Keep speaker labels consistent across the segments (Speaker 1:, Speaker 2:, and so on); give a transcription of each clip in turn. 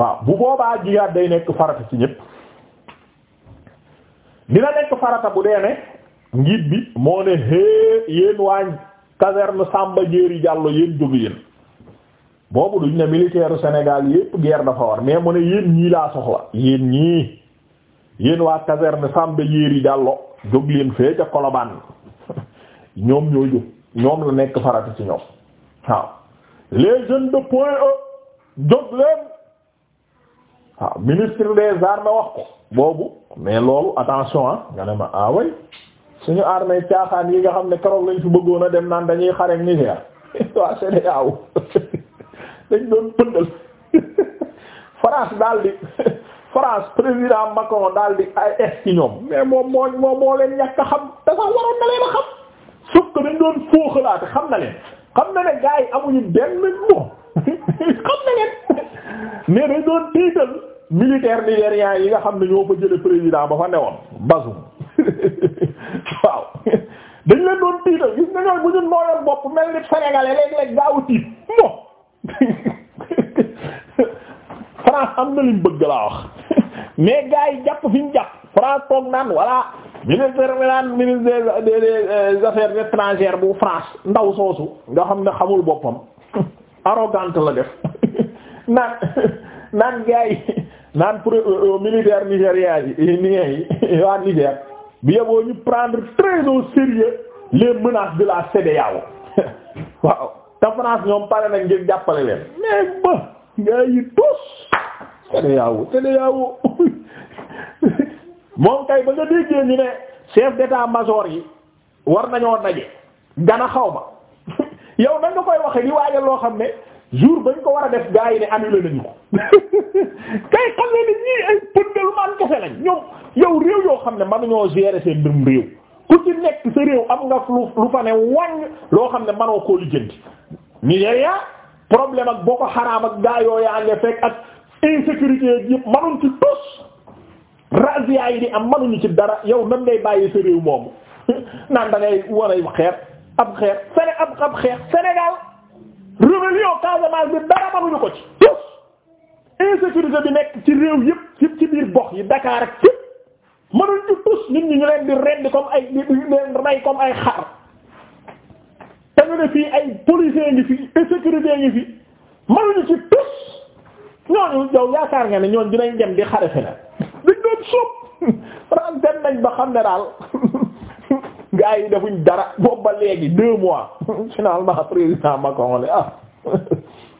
Speaker 1: waaw bu boobaa jihaad day nekk farata ci ñépp dina nekk farata bu dee ne njiit bi moo ne hee yéen waañ caserne Samba Diéry Diallo yéen jóg yéen boobu duñ ne militaire Sénégal yépp guerre dafa war mais mu ne yéen ñii laa soxla yéen ñii yéen waa caserne Samba Diéry Diallo jóg leen fee ca Colobane ñoom ñoo jóg ñoom la nekk farata ci ñoom waaw les jeunes de Point E jóg leen waaw ministre des armées wax ko boobu mais loolu attention a ah nga ne ma way ah suñu armée caaxaan yi nga xam ne keroog lañ fi bëggoon a dem naan dañuy xare ak Niger waa CEDEAO dañ doon pëndal France daal di France président Macron daal ay es ñoom mais moom moo moom moo leen ñàkk a xam te waroon na leen a xam sukk dañ doon fooxalaate xam na leen xam na ne gars yi amuñu benn moom xam na leen mais dañ doon tiital militaire nigérian yi nga xam ne ñoo fa jële président ba fa newoon Bazoum waaw dañ leen doon tiital gis nga bu ñu nooyal bopp mel ni sénégalais léeg-léeg gaawu tiit mo France am na bëgg laa wax mais gars jàpp fi jàpp France toog naan voilà ministère bi naan ministre des affaires étrangères bu France ndaw soosu nga xam ne xamul boppam arrogante la def naan naan gars naan pour euh, euh, militaire nigéria yi nien yi waa Niger bi yeboo ñu prendre très au sérieux les menaces de la CEDEAO waaw te France ñoom pare nañ ngir jàppale leen mais ba ngaa yi tos CEDEAO CEDEAO moom kay ba nga déggee ñu ne chef d'état-major yi war nañoo daje gana xaw ma yow da nga koy waxe li waaye loo xam ne jour bañ ko war a def gaa yi ne annulé nañu ko kay xam ne ñii ay pëndal man kese lañ ñoom yow réew yoo xam ne mënuñoo gérer seen dum réew ku ci nekk sa réew am nga lu fa ne wàññ loo xam ne manoo koo lijjanti Nigeria problème ak ko Haram ak gaa yoo yaa nga fekk ak insécurité yëpp manuñ ci tos razia yi di am manuñu ci dara yow nan ngay bàyyi sa réew moomu naan da ngay war ay xeer ab xeer sene ab ab xeer Sénégal rébellion Casamance bi dara mënuñu ko ci tous insécurité bi nekk ci réew yëpp ci biir gox yi Dakar ak yëpp mënuñ ci nit ñi ñu leen di rend comme ay di leen rey comme ay te ñu ne fii ay policiers ngi fi insécurité ci tous ñooñu yow yaakaar nga ne ñooñu dinañ dem di xare feneen dañ doon sóob ren nañ ba xam ne daal. gars yi defuñ dara boobu ba léegi deux mois finalement président Macron ne ah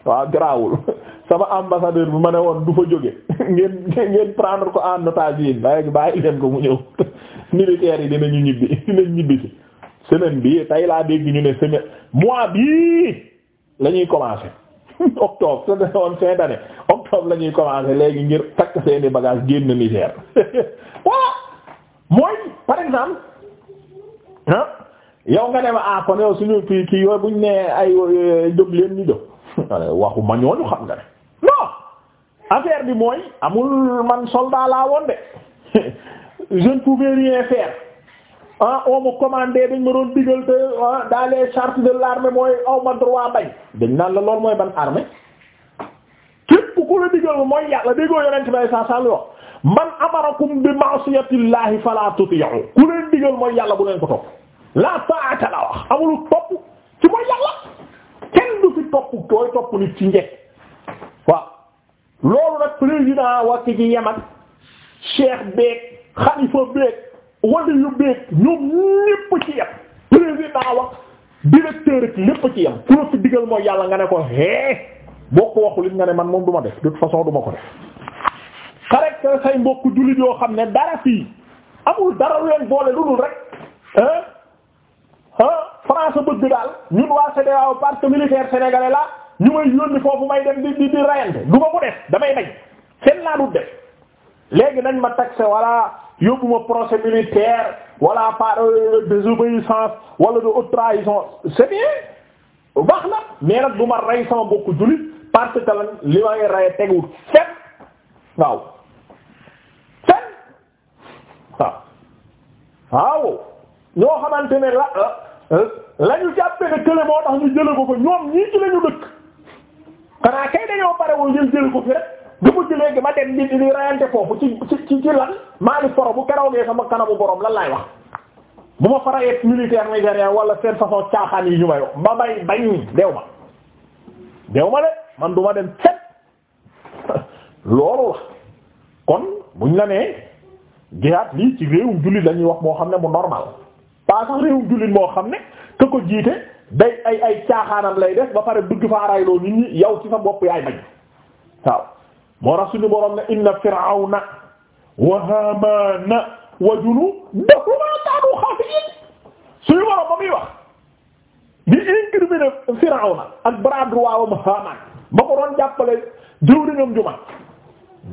Speaker 1: waaw garaawul sama ambassadeur bi ma ne woon du fa jóge ngeen ngeen prendre ko en otage yi léegi bàyyi ko mu ñëw militaires yi dinañu ñibbi dinañ ñibbi ci semaine bi tay laa dégg ñu ne semaine mois bii la ñuy commencer octobre su dee woon fin d'année léegi ngir takk seeni bagage génn Niger voilà mooy par exemple ah yow nga ne ma ah kon yow suñu kii kii yooyu buñ ne ay euh, jóg leen ñu jóg waxu ma ñooñu xam nga ne non affaire bi mooy amul man soldat laa woon de je ne pouvais rien ah on me commandé dañ ma doon digal te ah, dans les chartes de l'armée mooy aw ma droit bañ dañ naan la loolu mooy ban armée képp ku la digal ma mooy yàlla déggoo yonent bay sa sall man amarakum bi ma'siyatillahi fala tuti'u ku leen digal mooy yàlla bu leen ko topp la taata la wax amul topp ci mooy yàlla kenn du fi topp tooy topp nit ci njëkk waaw loolu nag président wàcc ci Yaman cheikh beeg xalifa beeg waliyu beeg ñoom ñépp ci yem président wax directeur ak ci yem ku la mooy yàlla nga ne ko hee boo ko waxul it nga ne man moom duma de toute façon du ko def xarek say mbokk jullit yoo xam ne dara fii amul dara leen boole lu dul rek France bëgg daal ñun waa CEDEAO parce que militaire sénégalais la ñu may yónni foofu may dem di di di rayante du ma ko def damay bañ seen laa du def léegi nañ ma taxé wala yóbbu ma procès militaire wala par euh, désobéissance wala de haute trahison c'est bien baax na mais nag du ma rey sama bokku jullit parce que lan li ma ngi rey teguwul fet waaw fet waaw waaw ñoo xamante ne la. Euh, la ñu jàppe ne kële moo tax ñu jële ko ko ñoom ñii ci la dëkk xanaa kay dañoo pare woon jël jële ko fi rek bu mujj léegi ma dem di di rayante foofu ci ci ci lan maa ngi bu keroogee sama kanamu borom lan laay wax bu ma farayet militaire nigérien wala seen façon caaxaan yi ñu may wax ba bay bañ deew ma deew ma de man duma dem fet loolu la kon buñ la nee jihaad lii ci réewum jullit lañuy wax moo xam ne mu normal pas sax réew jullit moo xam ne ka ko jiite day ay ay caaxaanam lay def ba pare dugg faa rayloo nit ñi yow ci sa bopp yaay bañ waaw moo tax suñu borom ne inna firawna wa haamaana wa junuudahumaa kaanu xaatiin suñu borom ba muy wax di incriminer ak bras ko doon jàppale jëwriñam juma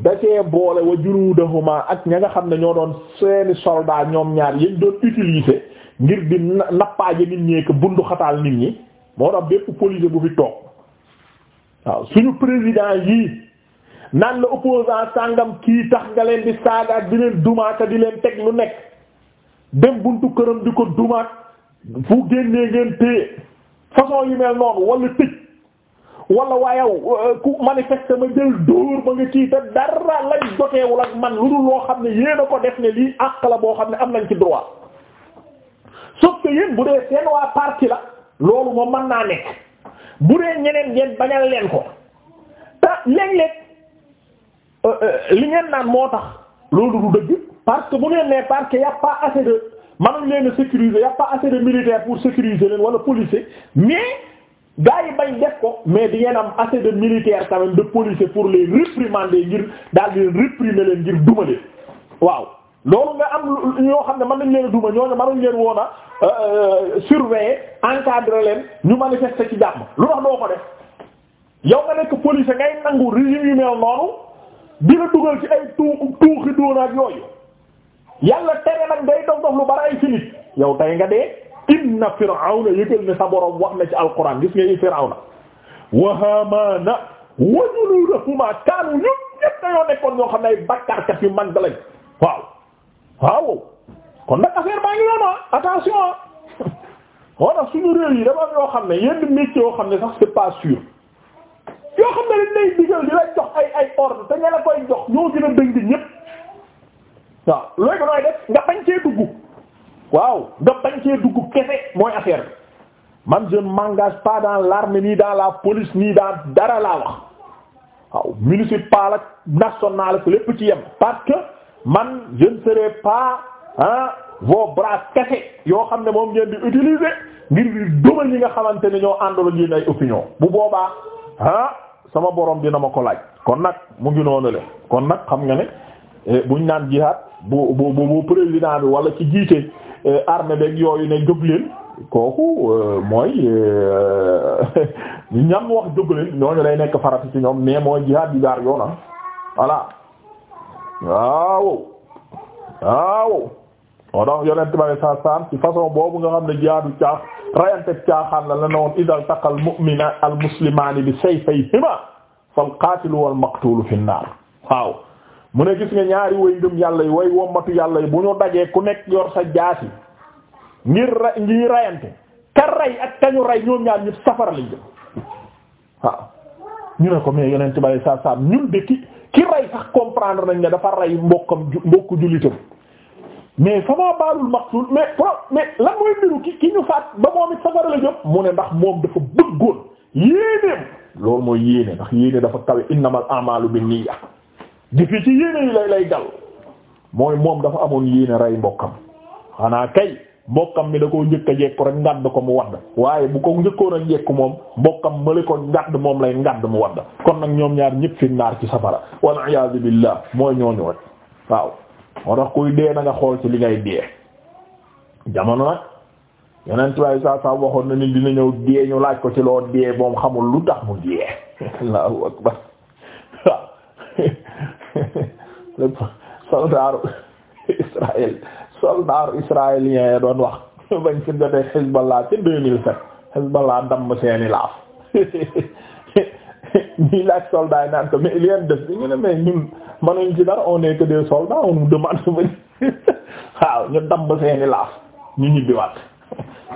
Speaker 1: da cee boole wa junuudahumaa ak ña nga xam ne ñoo doon seeni soldat ñoom ñaar yéen doon utiliser ngir di nappaaje nit ñee ko bundu xataal nit ñi moo tax bépp police bu fi toog waaw suñu président yii naan la opposant sàngam kii tax nga leen di saagaat di leen dumaata di leen teg lu nekk dem buntu këram di ko dumaat fu génnee ngeen téye façon yu mel noonu wala tëj wala waayaw euh, ku manifeste ma jël dóor ba nga kii te dara lay joteewul ak man lu dul loo xam ne yéen ko def ne lii àq la boo xam ne am nañ ci droit sauf que bu dee seen waa parti la loolu moom man naa nekk bu dee ñeneen ngeen bañal leen ko te léeg-léeg euh, euh, li ngeen naan moo tax loolu du dëgg parce que bu ngeen nee parce que y a pas assez leen a sécuriser y a pas assez pour sécuriser leen wala policier mais gars yi bañ def ko mais di ngeen am assez de militaires quand même de policier pour les réprimander ngir daal di réprimer leen ngir duma de waaw. loolu nga am ñoo xam ne man nañ leen a duma ñooñu mënuñ leen woon a euh, euh, surveiller encadrer leen ñu manifester ci jàmm lu tax doo ko def yow nga nekk police ngay nangu régime yu mel noonu di la dugal ci ay tuu tuuxi doonaak yooyu yàlla tere nag day dof dof lu bari ay filit yow tey nga dee inna firawna yëgal ne sa borom wax na ci alquran gis nga i firawna wa haamaana wa junuudahumaa kaanu ñëpp ñëpp dañoo nekkoon ñoo xam ne ay bakkaarkat yu mag lañ waaw kon nag affaire baa ngi noonu ah, attention ah. moo tax suñu réew yi dafa yoo xam ne yenn métier yoo xam ne sax c'est pas sûr yoo xam ne dañ lay digal di lay jox ay ay te nga koy jox ñoo gën a dëng ñépp waaw léegi nooy def nga bañ cee dugg waaw nga bañ cee dugg kese mooy affaire bi man je mangage m'engage pas dans l'armée nii dans la police ni dans dara laa wax waaw municipal ak la ak lépp ci yem parce man je ne pas ah vos bras cassés yoo xam ne moom ngeen di utiliser ngir di domal nga xamante ne ñoo àndal ak ay opinion bu boobaa ah sama borom dina ma ko laaj. kon nag mu ngi noonu le kon nag xam nga ne eh, buñ naan jihaad bu bu bu président bi wala ci jiite eh, armée beeg yooyu ne jóg leen kooku euh, mooy euh, ñam wax jóg leen ñooñu lay nekk farata ci ñoom mais mooy jihaad bi jaar yoon ah waaw waaw moo tax yonent bi alayhi salaatu ci façon boobu nga xam ne jihaadu caax rayante caaxaan la la ne woon idal taqal mu'mina al muslimaani bi sayfayhima fal qaatilu wal maqtuulu fi naar waaw mu ne gis nga ñaari way ngëm yàlla yi way wommatu yàlla yi bu ñu dajee ku nekk yor sa jaasi ngir ra ngir rayante ka ray ak ka ñu ray ñoom ñaar ñëpp safara lañ jëm waaw ñu ne ko mais yonent bi alayhi salaatu salaam ñun de ki ki rey sax comprendre nañ ne dafa rey mbokkam mbokku jullitam mais fama baalul maqtul mais pro mais lan mooy mbiru ki ki ñu faat ba moom it safara la jëm mu ne ndax moom dafa bëggoon yéeneem loolu mooy yéene ndax yéene dafa kawe innamal a'malu binniyya jëfe ci yéene yi lay lay dal mooy moom dafa amoon yéene ray mbokkam xanaa kay mbokkam bi da koo njëkk a jekku rek ngadd ko mu wadd waaye bu ko njëkkoon a jekku moom mbokkam mali ko ngadd moom lay ngadd mu wadd kon nag ñoom ñaar ñëpp fi naar ci safara wal iyaadu billah mooy ñooñu rek waaw moo tax kuy dee na nga xool ci li ngay dee jamono nag yeneen tubaab saa saa waxoon na ni dina ñëw dee ñu laaj ko ci loo dee moom xamul lu tax mu dee allahu akbar soldaar israélien ya doon wax bañ ci jotee Hezbollah ci 2007 Hezbollah damm seeni laaf ñii laaj soldats yi ko mais leen def ñu ne mais ñun mënuñ ci dara on est que des soldats on nous demande waaw ñu damm seeni laaf ñu ñibbiwaat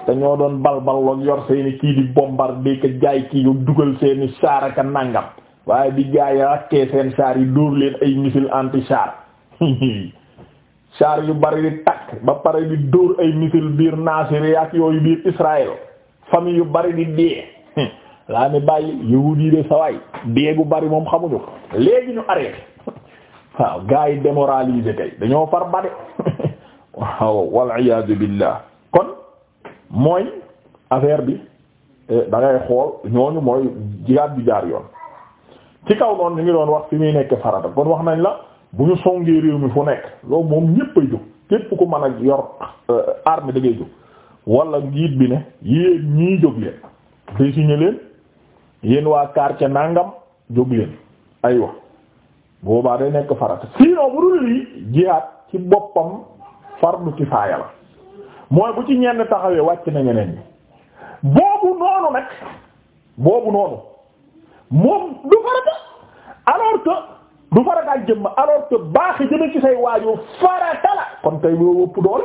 Speaker 1: te ñoo doon balballoog yor seeni kii di bombarder ka jaay kii yu dugal seeni saar ak nangam waaye di jaay rakkee seen saar yi dóor leen ay missile anti char char yu bari di takk ba pare di dóor ay misil biir Nasiri ak yooyu biir Israël famille yu bari di dee laa mi bàyyi yahut yi de sawaay dee gu bari moom xamuñu ko léegi ñu arrêté waaw gars yi démoralisé kay dañoo far bari waaw wal iyaadu billah kon mooy affaire bi eh, da ngay xool ñooñu mooy jigaat bi jaar yoon ci kaw noonu ñu ngi doon wax fi muy nekk farata kon wax nañ la bu ñu songee réew mi fu nekk loolu moom ñépp jóg képp ku mën a yor euh, arme da ngay jóg wala njiit bi ne yéen ñii jóg leen désigné leen yéen waa quartier nàngam jóg leen aywa boobaa day nekk farata sinon bu dul lii jihaad ci boppam fardu kifaaya la mooy bu ci ñenn taxawee wàcc na ñeneen ñi boobu noonu nag boobu noonu moom du farata alors que du farataal jëmm alors que baax jëme ci say waajur farata kon tey wëpp doole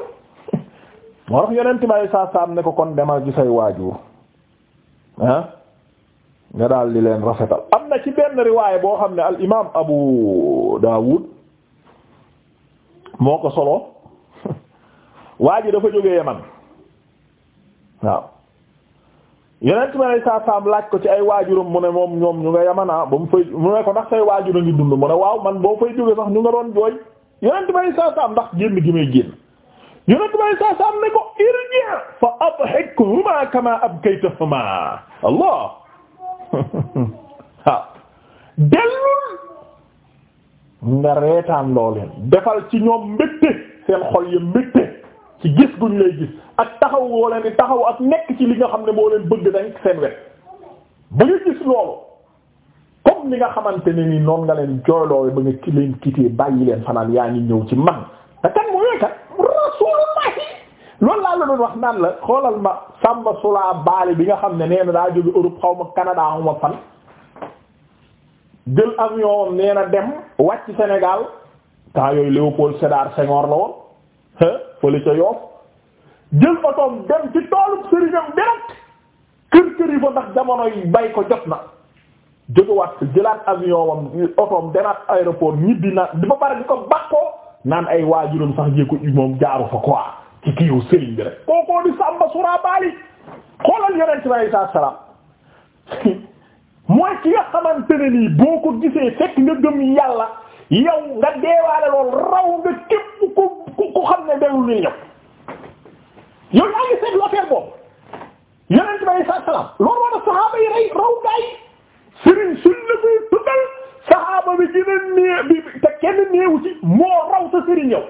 Speaker 1: moo tax yeneen timaay saa saam ne ko kon demal ci say waajur ah nga daal di leen rafetal am na ci benn riwaay boo xam ne al imaam Abu Dawud moo ko solo waa dafa jógee Yaman waaw. yeneen ci ma ne saa laaj ko ci ay waajuram mu ne moom ñoom ñu nga yamanaa ba mu fay mu ne ko ndax say waajur a ngi dund mu ne waaw man boo fay jógee sax ñu nga doon jooy yeneen ma ne saa saam ndax génn gi may génn yeneen ci ma ne saa ne ko irji fa adhikhuma kama abkaytahuma allah waaw dellul nga reetaan loo defal ci ñoom mbégte seen xol ya mbégte ci gis guñ lay gis ak taxaw woo leen taxaw ak nekk ci li nga xam ne moo leen bëgg dañ seen wet ba nga gis loolu comme ni nga xamante ni noonu nga leen jooyloowe ba nga ki leen kitee bàyyi leen fanaan yaa ngi ñëw ci man te kan mooy kat rasulullahi loolu laa la doon wax naan la xoolal ma Samba Sula Baali bi nga xam ne nee na daa jóge Europe xaw ma Canada xaw ma fan jël avion nee dem wàcc Sénégal temps yooyu Léopold Sédar Senghor la woon fële ca yoof jël otoom dem ci toolub sëriñam direct kër kër yi fa ndax jamono bay ko jot na jógewaat jëlaat avion otoom demaat aéroport ñibbi na ba pare di ko bakkoo naan ay waajuram sax jéego moom jaaru fa quoi ci kiiwu sëriñ bi rek kookoo di Samba Sura Bali xoolal yonent bi alayhi salaam mooy ki nga xamante ne boo ko gisee fekk nga gëm yàlla yow nga deewaale lool raw nga képp ko ku ku xam ne dayul ñuy ñëw yow yaa ngi seetlu affaire boobu yeneen bi alayhi salaam loolu moo saxaaba yi raw gaay Serigne suñ la koy tuddal saxaaba bi gën a néew kenn néewu moo raw sa Serigne yow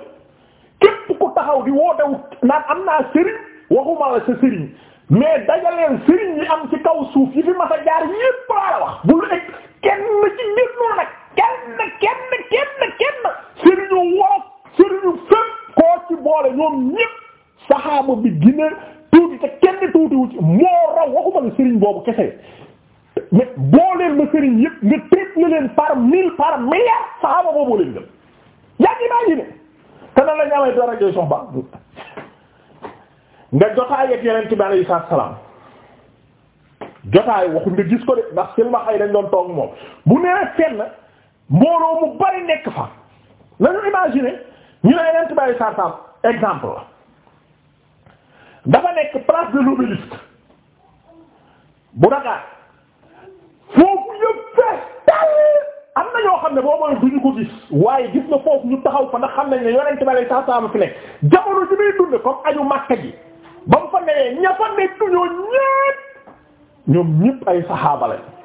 Speaker 1: képp ku taxaw di woo daw naan am naa Serigne waxuma la sa Serigne mais dajaleen Serigne yi am ci kaw suuf yi fi mas a jaar ñépp wax bul egg kenn kenn kenn kenn kenn Serigne woo. sëriñu fépp koo ci boole ñoom ñépp saxaaba bi gina tuuti te kenn tuutiwu ci moo raw waxuma la sëriñ boobu kese mais booleel ma sëriñ yépp nga triple leen par mille saxaaba boobu leen gën yaa ngi imaginer te nan la ñu amee daraja nga jotaay ak yeneen ci bi alayhi salaam jotaay waxuñ nga gis ko de ndax silma xay dañ doon toog moom bu nee fenn mbooloo mu bari nekk fa nañu imaginer ñu ne yonent bi alayhi salaam exemple dafa nekk place de l'Obélisque bu Dakar foofu yëpp fees am na ñoo xam ne boo mooy duñu ko gis waaye gis na foofu ñu taxaw fa na xam nañ ne yonent bi alayhi salaam fi nekk jamono ji muy dund comme aju Makka ji ba mu fa newee ña fa nekk ñoo ñépp ñoom ñépp ay saxaaba lañ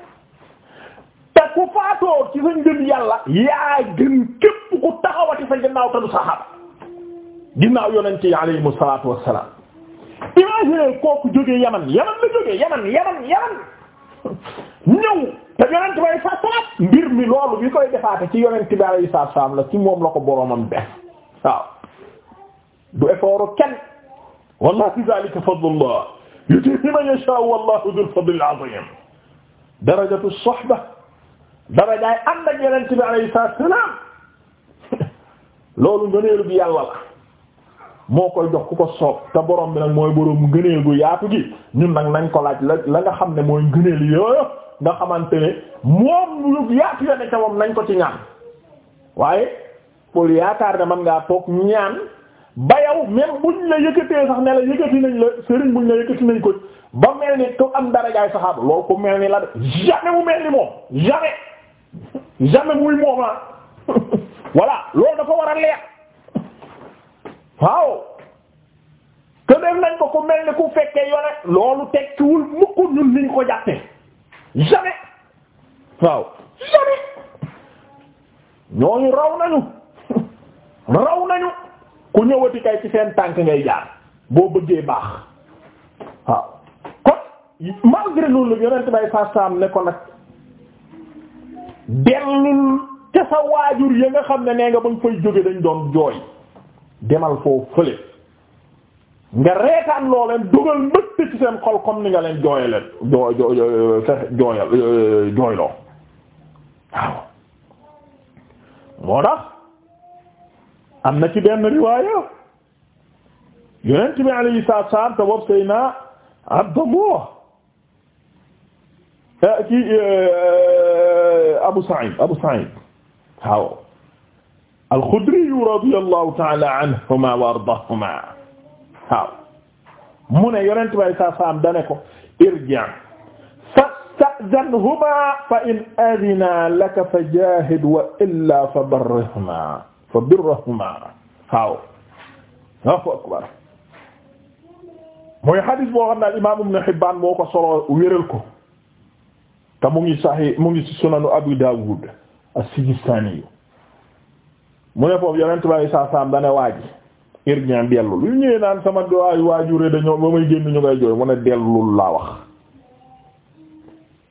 Speaker 1: ku faatoo ci sa ngëm yàlla yaa gën képp ku taxawati sa ginnaaw tadu saxaaba ginnaaw yonente yi alayhimu salaatu wassalaam imagine kooku jógee yaman yaman la jógee yaman yaman yaman ñëw te yonent bay sa salaat mbir mi loolu bi koy defaate ci yonent bi alayhi salaatu la ci moom la ko boroomam def waaw du effort kenn wallahi zalika fadlullah yutiihi man yashaa wallahu dhul fadlil azim darajatu sohba dara jaay ànd ak yonent bi alayhi salaam loolu ngëneelu bi yàlla la moo koy jox ku ko soob te boroom bi nag mooy borom ngëneel gu yaatu gi ñun nag nañ ko laaj la la nga xam ne mooy ngëneel yooyu nga xamante ne moom lu yaatu ya ne ca moom nañ ko ci ñaan waaye pour yaakaar ne man ngaa toog ñaan ba yow même buñ la yëkkatee sax ne la yëkkati nañ la sëriñ buñ la yëkkati nañ ko ba mel ni ko am dara jaay loolu ko mel ni la jamais muy mooma ah. voilà loolu dafa war a leer waaw te def nañ ko ko mel ni ku fekkee yore loolu tekkiwul mukk ñun niñ ko jàppee jamais waaw jamais ñooñu raw nañu raw nañu ku ñëwati kay ci seen tànk ngay jaar boo bëggee baax waaw kon malgré loolu la yonent bay saa saam ne ko nag dellul ca sa waajur ya nga xam ne nee nga ba nga fay jóge dañ doon jooy demal foofu fële nga reetaan loo leen dugal mbëtt ci seen xol comme ni nga leen jooye jooyal euh, waaw moo tax am na ci benn riwaaya yonent bi alayhi salaatu wa salaam te boobu Seydina Abdallah Eh, ci eh, eh, Abu Sa'id Abu Sa'id waaw al-Khudri radiyallahu ta'ala anhuma wa ardaahuma waaw mu ne yonent bay sa saam dane ko irji' fasta'zinhuma fa in adhina laka fajahid wa illa fabirrahuma fabirrahuma waaw Allahu akbar mooy hadith boo xam ne al-Imam Ibn Hibban moo ko solo wéral ko te mu ngi saxi mu ngi ci sunanu Abu Dawud as-Sijistani mu ne foofu yonent bi saa saam dane waaji irgin dellu lu ñëwee naan sama doy waajure dañoo ba may génn ñu ngay jooy mu ne dellul laa wax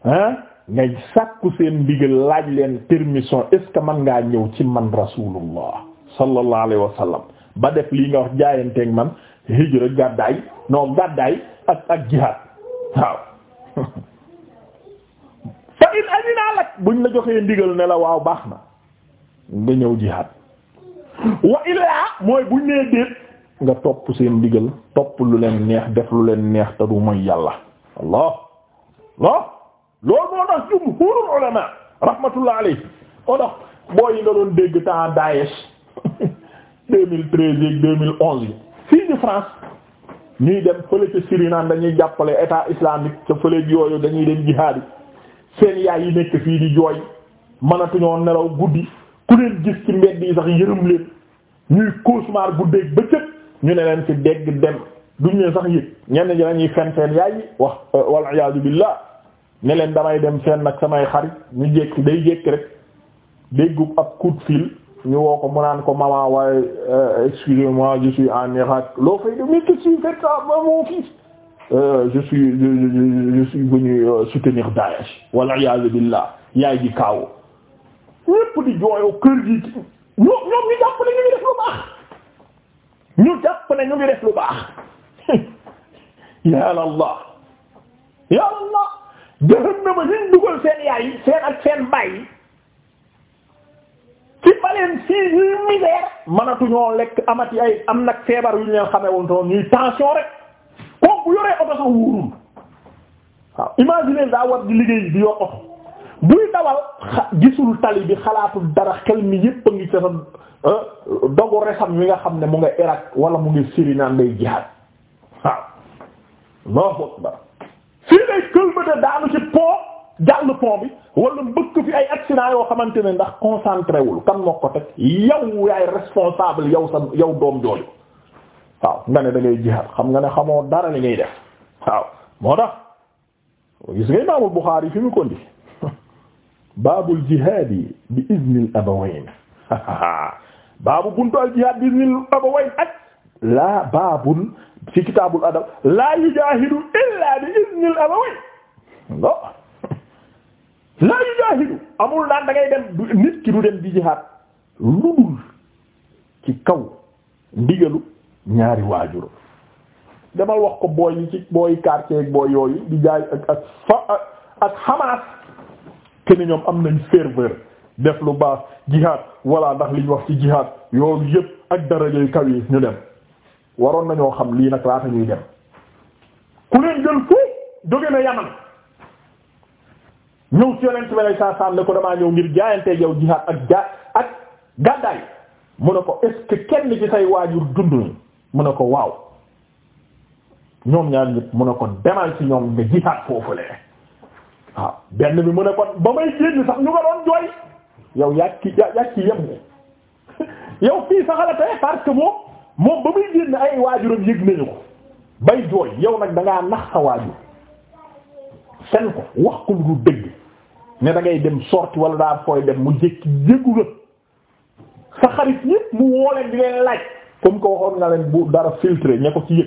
Speaker 1: hein ngay sàkku seen ndigal laaj leen permission est man ngaa ñëw ci man rasulullah sallallahu alayhi wa sallam ba def lii nga wax jaayanteeg man hijra gàddaay non gàddaay ak ak jihaad waaw fa in adinaa lak buñ la joxee ndigal ne la waaw baax na nga ñëw jihaad wa illaa mooy buñ nee déet nga topp seen ndigal topp lu leen neex def lu leen neex te du mooy yàlla allah allah loolu moo tax jumhurul ulama rahmatullah alayhi oo booy yi nga doon dégg temps Daesh 2013 ak 2011 yi fii di France ñuy dem fële ca Syrie dañuy jàppale état islamique ca fële yooyu dañuy dem jihaad seen yaay yi nekk fii di jooy mënatuñoo nelaw guddi ku leen gis ci mbedd yi sax yërëm leen ñuy cauchemar guddeeg bëccëg ñu ne leen ci dégg dem du leen sax yëg ñenn ñi dañuy fen seen yaay yi wax euh, wal iyaadu billah ne leen damay dem seen nag samay xarit ñu jékki day jékki rek déggub ab coup de fil ñu woo ko mu naan ko maman waaye euh, excusez-moi je suis en Irak loo fay def mais qu'est-ce que tu fais ça Euh, je suis je suis venu euh, soutenir Daesh wala iyaazu billah yaay ji kaawu ñépp di jooyoo kër gi ñoom ñoom ñu jàpp ne ñu ngi def lu baax ñu jàpp ne ñu ngi def lu baax ya Allah ya Allah jahannama ñu dugal seen yaay seen ak seen baay ci baleen si ñuy misère mënatuñoo lekk amat ay am nag feebar yu ñu leen xamee woon ñuy tension rek bu yoree oto sax wóorul waaw imagine daa war di liggéey di yor oto buy dawal gisul tali bi xalaatul dara xel mi yépp a ngi ca sa ah, dogu resam mi nga xam ne mu nga Irak wala mu ngi Syrie naan day jihaad waaw Allahu akbar fii lay këlbata daanu ci pont jàll pont bi wala mbëkk fi ay accident yoo xamante ne ndax concentré wul kan moo ko teg yow yaay responsable yow sa yow doom jooju waaw nga ne da ngay jihaad xam nga ne xamoo dara li ngay def waaw moo tax gis nga imaamul Buxaari fi mu kondi baabul jihaadi bi iznil abawayn baabu buntu al jihaad bi iznil abawayn ak laa baabun fi kitaabul adab laa yujaahidu illaa bi iznil abawayn no laa yujaahidu amul daan da dem nit ki du dem di jihaad lu dul ci kaw ndigalu ñaari waajur demal wax ko booy yi ci booy quartier booy yooyu di jaay ak ak fa ak Hamas kenn ñoom am nañ ferveur def lu baax jihad walla ndax liñ wax ci jihad yoolu yëpp ak darajey kaw yi ñu dem waroon nañoo xam lii nag laata ñuy dem ku leen jël fu jóge na Yaman ñëw ci yonent bi ne ko damaa ñëw ngir jaayanteeg yow jihaad ak ak gàddaay mu ne ko est kenn ci say waajur dund mu ne ko waaw ñoom ñaar ñëpp mu ne ko demal ci ñoom nga jihaat foofu le waaw benn bi mu ne ko ba may génn sax ñu nga doon jooy yow yàgg ci yàgg ci yem yow fii sax la tey parce que moom moom ba muy génn ay waajuram yëg nañu ko bay jooy yow nag dangaa ngaa nax sa waajur sen ko wax ko lu dëgg ne da ngay dem sorti wala daa fooy dem mu jékki jékku la sa xarit ñëpp mu woo leen di leen laaj. comme que waxoon nga leen bu dara filtré ña ko ci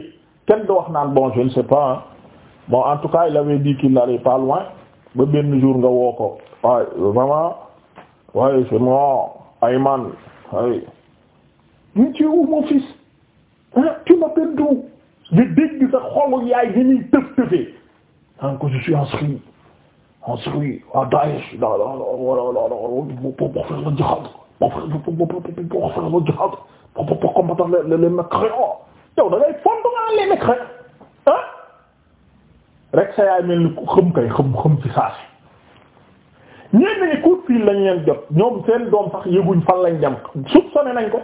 Speaker 1: kenn du wax naan bon je ne sais bon en tout cas il avait dit qu'il n'allait pas loin ba benn jour nga woo ko waaye vraiment waaye c'est moi Ayman waaye ñu ci wu mon fils tu m'appelles d'où di dégg sa xolu yaay gi ñuy tëf tëfee en que je suis inscrit inscrit à Daesh da la la la la pour faire le jihad pour faire le jihad poko poko poko le yow da ngay fondu nga le mécréant ah rek sa yaay mel ni xëm kay xëm lañ leen jot ñoom seen doom sax yëguñ fan lañ jam soupçonné nañ ko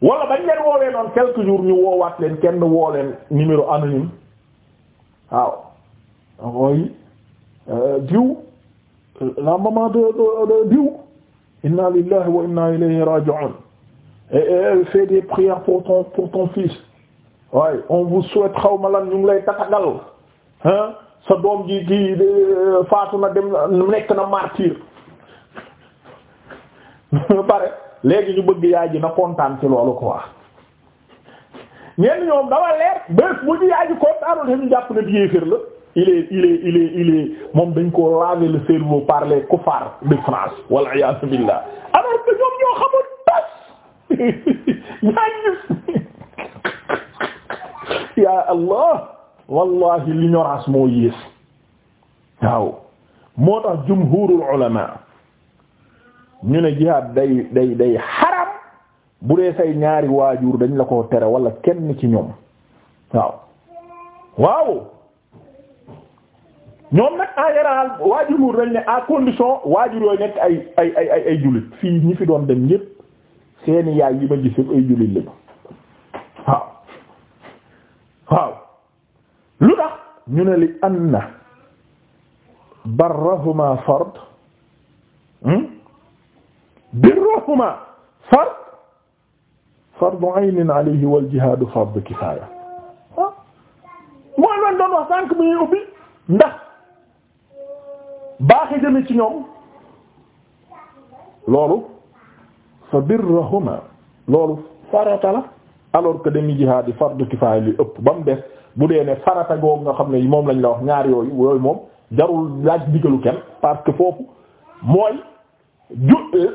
Speaker 1: wala bañ leen woowee noonu quelques jours ñu woowaat leen kenn woo leen numéro anonyme aw mooy euh, diw euh, la maman de diw inna lillahi wa inna ilayhi raji'un fais des prières pour ton pour ton fils on vous souhaite xaw ma lan ñu ngi lay tatagal hein sa doom ji kii faatu na dem nekk na martyr pare léegi ñu bëgg yaay ji na kontaan ci loolu quoi ñenn ñoom dama leer bés bu ñu yaay ji kontaanul te ñu jàpp ne yéeféer la il est il moom dañ ko laver le cerveau par les koufars de France wal iyaazu billah yaa gis yaa allah wallahi l'ignorance moo yées waaw moo tax jumhurul ulama ñu ne jihaad day day day xaram bu dee say ñaari waajur dañ la koo tere wala kenn ci ñoom waaw waaw ñoom nag en général waajur dañ ne à condition waajur yooyu nekk ay ay ay jullit fii ñi fi doon dem ñépp seeni yaay yi ma gis yëpp ay jullit lañu waaw waaw lu tax ñu ne li anna barrahuma fard hmm? birrahuma fard fardu aynin alayhi wal jihaadu fardu kifaaya ah. mooy lan doon wax sànq bu ñuy ubbi ndax baaxi jëme ci ñoom loolu fa birrahuma loolu farata la alors que demi jihaad yi fardu kifaaya li ëpp ba mu des bu dee ne farata googu nga xam ne yi moom lañ la wax ñaar yooyu yooyu moom jarul laaj digalu kenn parce que foofu mooy ju bi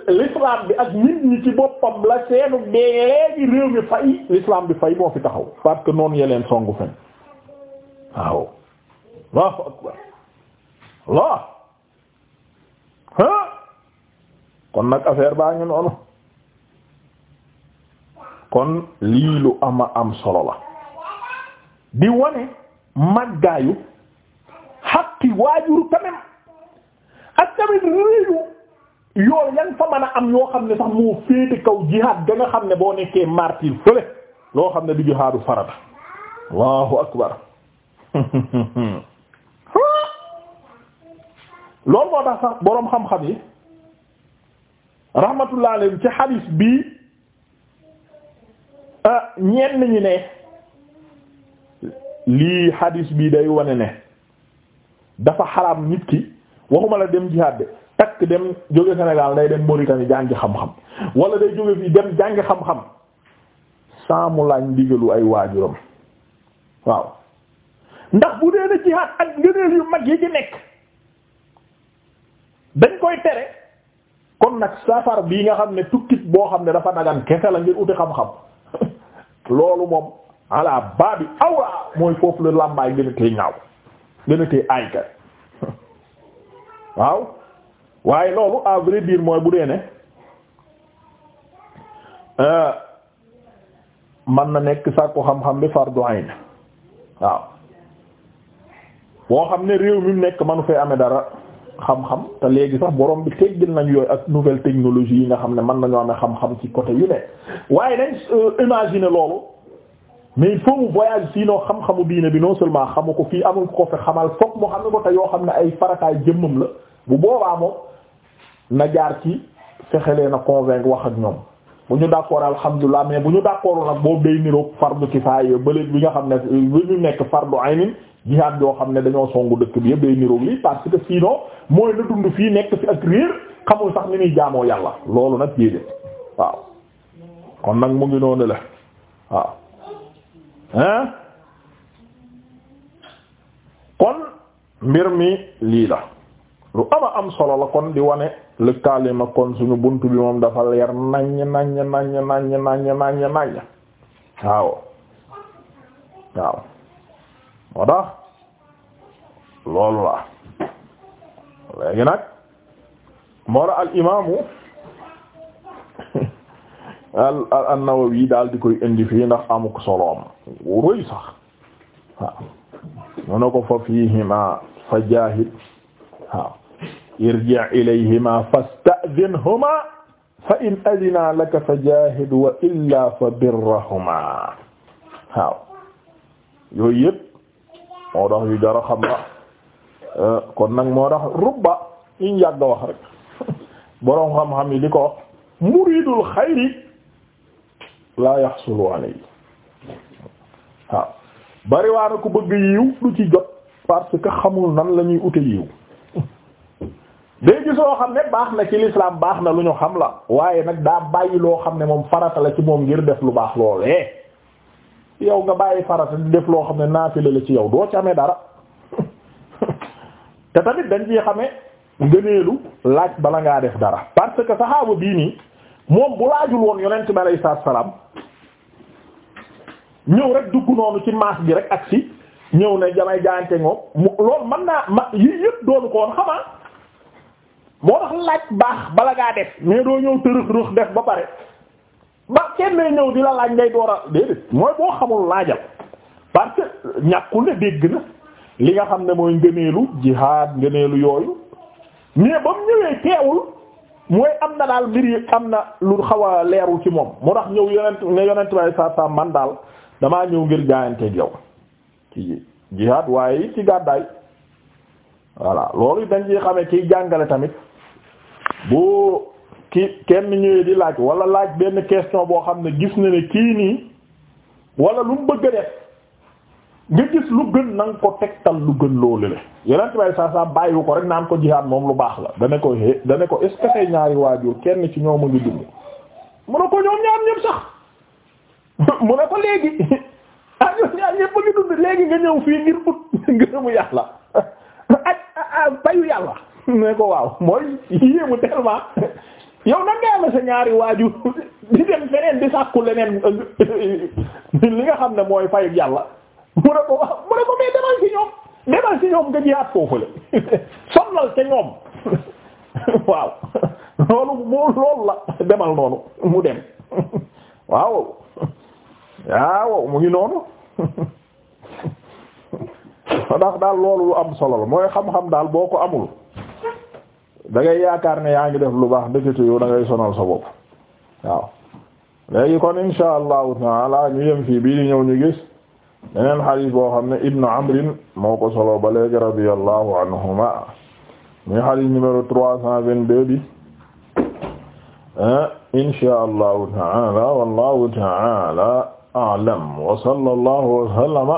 Speaker 1: ak nit ñi ci boppam la seenu beegi réew mi fay l'islam bi fay moo fi taxaw parce que noonu yeleen songu fen waaw Allahu akbar kon nag affaire baa ngi noonu kon lii lu ama am solo la di wane màggaayu xaqi waajur tamit ak tamit réeyu yooyu yan fa mën a am yoo xam ne sax moo féete kaw jihaad ga nga xam ne boo nekkee martyr fële loo xam ne du jihaadu farata allahu akbar loolu moo tax sax boroom xam-xam yi rahmatullah alayhi ci hadith bi Ah, ñenn ñi ne lii hadis bi day wane ne dafa xaraam nit ki waxuma la dem jihaad de takk dem jóge Sénégal day dem Mauritanie jàngi xam-xam wala day jóge fii dem jàngi xam-xam sans mu laaj ndigalu ay waajuram waaw ndax bu dee na jihaad ak ngëneel yu mag yi ci nekk dañ koy tere kon nag safar bii nga xam ne tukkit boo xam ne dafa nagan kese la ngir uti xam-xam loolu moom ala baabi awra mooy foofu la làmbaay gën a tee ñaaw gën a tee aykar waaw waaye loolu à vrai mooy bu dee ne euh, man na nekk sàkku xam-xam bi fardu ayn waaw boo xam ne réew mi nekk manu fee amee dara xam-xam te léegi sax boroom bi teggil nañu yooyu ak nouvelle technologie yi nga xam ne mën nañoo amee xam-xam ci côté yu ne waaye nañ euh, imaginer loolu mais il faut mu noo sinon xam-xamu diine bi non seulement xamu ko fii amul ko fi xamal foog moo xam ne ko te yoo xam ne ay farataay jëmmam la bu boobaa moom na jaar ci fexe leen a convaincre wax ak ñoom. bu ñu d'accord alhamdulilah mais bu ñu d'accord nag boobu day niroog fardu kifaaya bële bi nga xam ne bi ñu nekk fardu aynin jihaad yoo xam ne dañoo songu dëkk bi yëpp day niroog lii parce que sinon mooy na dund fii nekk fi ak réer xamul sax ni muy jaamoo yàlla loolu nag déedéet waaw nag mu ngi kon mbir mi lii la lu ama am solo la kon di wane lëkkalima kon suñu bunt bi moom dafa leer naññ naññ naññ naññ naññ naññ naññ waaw waaw moo tax loolu la léegi nag moo la al imaamu al an-Nawawi daal di koy indi fii ndax amuk soloom ruy sax waaw ne ko fa fiihima fa jaahid waaw irji ilayhima fasta'dinhuma fa in adina laka fa jahid wa illa fa birrahuma waaw yooyu yëpp moo tax yu jara xam la eh, kon nag moo tax rubba ñu yàgg wax rek boroom xam-xam yi di ko wax muridul xayri laa yaxsulu alayhi waaw bariwaana ku bëgg yiw du ci jot parce que xamul nan la ñuy ute yiw day gis loo xam ne baax na ci lislaam baax na lu ñu xam la waaye nag daa bàyyi loo xam ne moom farata la ci moom ngir def lu baax loolee yow nga bàyyi farata di def loo xam ne naafile la ci yow doo ci dara te tamit dañ ciy xame ngëneelu laaj bala ngaa def dara parce que saxaaba bii nii moom bu laajul woon yonent bi alayhi salaatu salaam ñëw rek dugg noonu ci maas bi rek ak si ñëw ne jamay jaante ngoom loolu mën naa ma yii yëpp doonu ko woon moo tax laaj baax bala ngaa def mais doo ñëw tërëx rëx def ba pare ba kenn ñëw di la laaj ngay door a déedéet mooy boo xamul laajal parce que dégg na li nga xam ne mooy ngëneelu jihaad ngëneelu yooyu mais ba mu ñëwee teewul mooy am na daal mbir yi am na lu xaw a leerul ci moom moo tax ñëw yonent nga yonent bay sa sa man daal damaa ñëw ngir jaayanteeg yow ci jihaad waaye ci gàddaay voilà loolu dañ ci xamee kiy jàngale tamit boo ki kenn ñëwee di laaj wala laaj benn question boo xam ne gis na ne kii nii wala lu mu bëgg def nga gis lu gën na nga ko tegtal lu gën loolu le yeneen bay saa saa bàyyiwu ko rek naan ko jihaad moom lu baax la dana ko é dana ko est-ce ñaari waajur kenn ci ñoom a ngi dund mu ne ko ñoom ñaar ñëpp sax mu ne ko léegi ah ñoom ñaar ñëpp a ngi dund léegi nga ñëw fii ngir ut ngërëmu yàlla ak payu yàlla ne ko waaw mooy yéemu tellement yow nan nga amee sa ñaari waaju di dem feneen di sàkku leneen li nga xam ne mooy fayu yàlla mu ne ko waaw mu ne ko mais demal demal moo loolu demal noonu mu dem waaw waaw mu ngi noonu ndax daal loolu lu am solo la mooy xam-xam daal boo ko amul da ngay yaakaar ne yaa ngi def lu baax ndekete yow da ngay sonal sa bopp waaw léegi kon insha allahu taala ñu yem fii bii di ñëw ñu gis beneen xadis boo xam ne ibnu amrin moo ko solo ba léegi radiyallahu anhuma muy xadis numéro trois cent vingt-deux bi insha taala wallahu taala a'lam wa sallallahu wa sallama